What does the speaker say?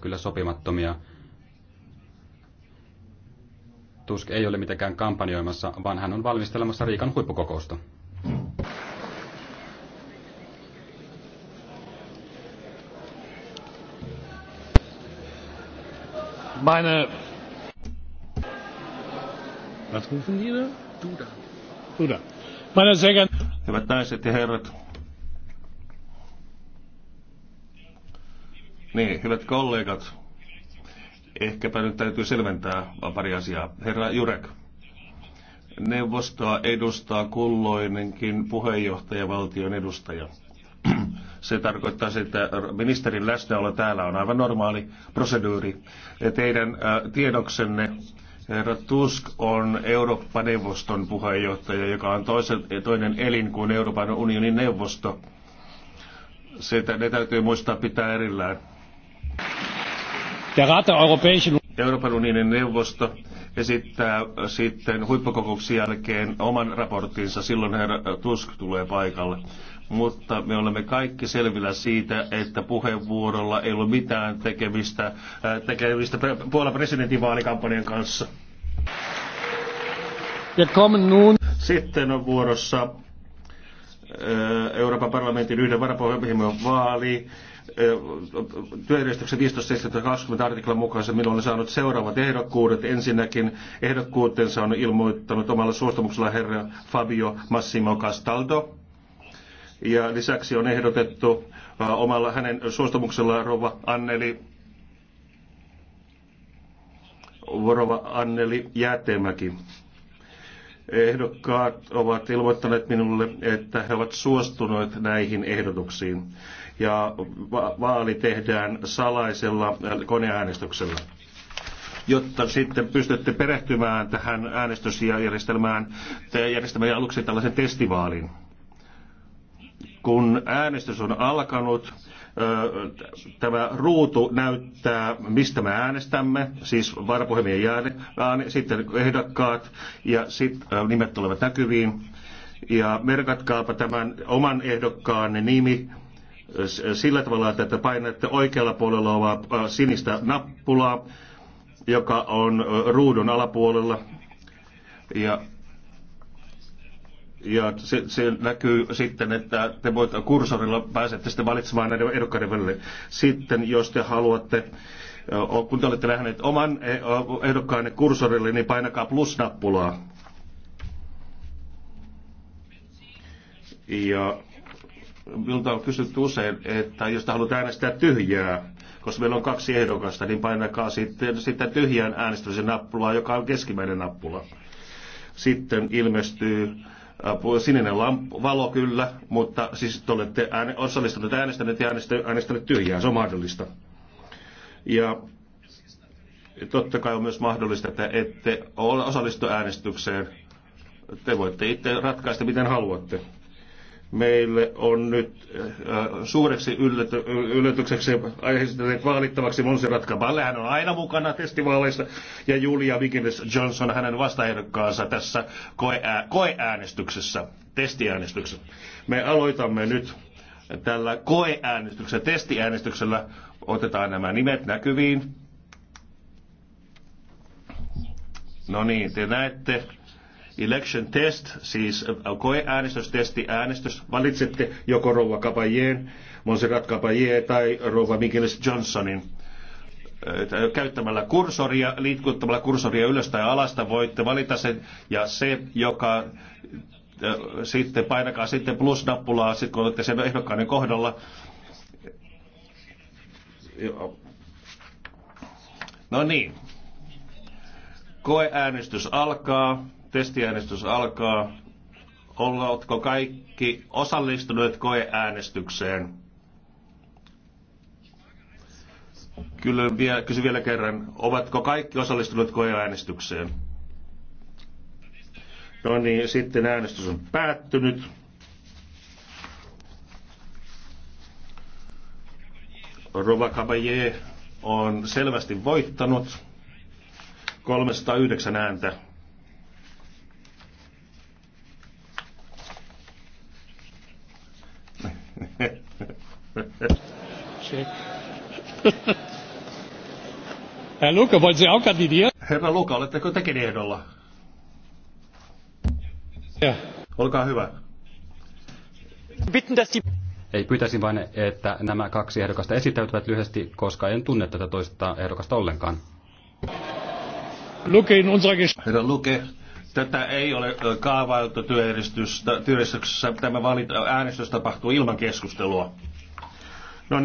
kyllä sopimattomia. Tusk ei ole mitenkään kampanjoimassa, vaan hän on valmistelemassa Riikan huippukokousta. Meine Was rufen die da? Duda. Duda. Meine sehr Hyvät naiset ja herrat, Niin, hyvät kollegat, ehkäpä nyt täytyy selventää pari asiaa. Herra Jurek, neuvostoa edustaa kulloinenkin puheenjohtajavaltion edustaja. Se tarkoittaa sitä, että ministerin läsnäolo täällä on aivan normaali proseduuri. Teidän tiedoksenne Herra Tusk on Eurooppa-neuvoston puheenjohtaja, joka on toinen elin kuin Euroopan unionin neuvosto. Sitä ne täytyy muistaa pitää erillään. Euroopan unionin neuvosto esittää sitten huippukokouksen jälkeen oman raporttinsa, silloin herra Tusk tulee paikalle. Mutta me olemme kaikki selvillä siitä, että puheenvuorolla ei ole mitään tekemistä, äh, tekemistä Puolan vaalikampanjan kanssa. Sitten on vuorossa äh, Euroopan parlamentin yhden varapuheenjohtajan vaali työjärjestyksen 15.20 artiklan mukaansa minulla on saanut seuraavat ehdokkuudet. Ensinnäkin ehdokkuutensa on ilmoittanut omalla suostumuksella herra Fabio Massimo Castaldo. Ja lisäksi on ehdotettu omalla hänen suostumuksellaan rova Anneli rouva Anneli Jäätemäki. Ehdokkaat ovat ilmoittaneet minulle, että he ovat suostuneet näihin ehdotuksiin. Ja va- vaali tehdään salaisella koneäänestyksellä jotta sitten pystytte perehtymään tähän äänestysjärjestelmään. Te järjestämme aluksi tällaisen testivaalin. Kun äänestys on alkanut, tämä ruutu näyttää, mistä me äänestämme, siis varapuhemien jääne, sitten ehdokkaat ja sitten nimet tulevat näkyviin. Ja merkatkaapa tämän oman ehdokkaanne nimi sillä tavalla, että painatte oikealla puolella olevaa sinistä nappulaa, joka on ruudun alapuolella. Ja ja se, se näkyy sitten, että te voit kursorilla pääsette sitten valitsemaan näiden ehdokkaiden välille. Sitten jos te haluatte, kun te olette nähneet oman e, ehdokkaanne kursorille, niin painakaa plus-nappulaa. Ja minulta on kysytty usein, että jos te haluat äänestää tyhjää, koska meillä on kaksi ehdokasta, niin painakaa sitten, sitten tyhjään äänestämisen nappulaa, joka on keskimmäinen nappula. Sitten ilmestyy sininen lampu, valo kyllä, mutta siis te olette ääne, osallistuneet äänestäneet ja äänestäneet tyhjää, se on mahdollista. Ja totta kai on myös mahdollista, että ette osallistu äänestykseen. Te voitte itse ratkaista, miten haluatte meille on nyt äh, suureksi ylläty, yllätykseksi esitelleet vaalittavaksi Monserrat Caballe. Hän on aina mukana testivaaleissa ja Julia Wiggins Johnson hänen vastaehdokkaansa tässä koeäänestyksessä, testiäänestyksessä. Me aloitamme nyt tällä koeäänestyksellä, testiäänestyksellä. Otetaan nämä nimet näkyviin. No niin, te näette Election test, siis äh, koeäänestystesti, äänestys. Valitsette joko rouva Kapajeen, Monserrat Kapajee tai rouva Mikelis Johnsonin äh, äh, käyttämällä kursoria, liikuttamalla kursoria ylös tai alasta voitte valita sen, ja se, joka sitten painakaa sitten plus-nappulaa, sitten kun olette sen ehdokkaiden kohdalla. No niin, koeäänestys alkaa. Testiäänestys alkaa. Oletko kaikki osallistuneet koeäänestykseen? Kyllä, kysy vielä kerran. Ovatko kaikki osallistuneet koeäänestykseen? No niin, sitten äänestys on päättynyt. Rova Kabaye on selvästi voittanut 309 ääntä. Herr Luke, wollen Sie auch kandidieren? Niin. Herra Luka, oletteko tekin ehdolla? Ja. Olkaa hyvä. Bitten, dass die... Ei pyytäisin vain, että nämä kaksi ehdokasta esittäytyvät lyhyesti, koska en tunne tätä toista ehdokasta ollenkaan. Luke in unserer Herra Luke, Tätä ei ole kaavailtu työjärjestyksessä. Tämä äänestys tapahtuu ilman keskustelua.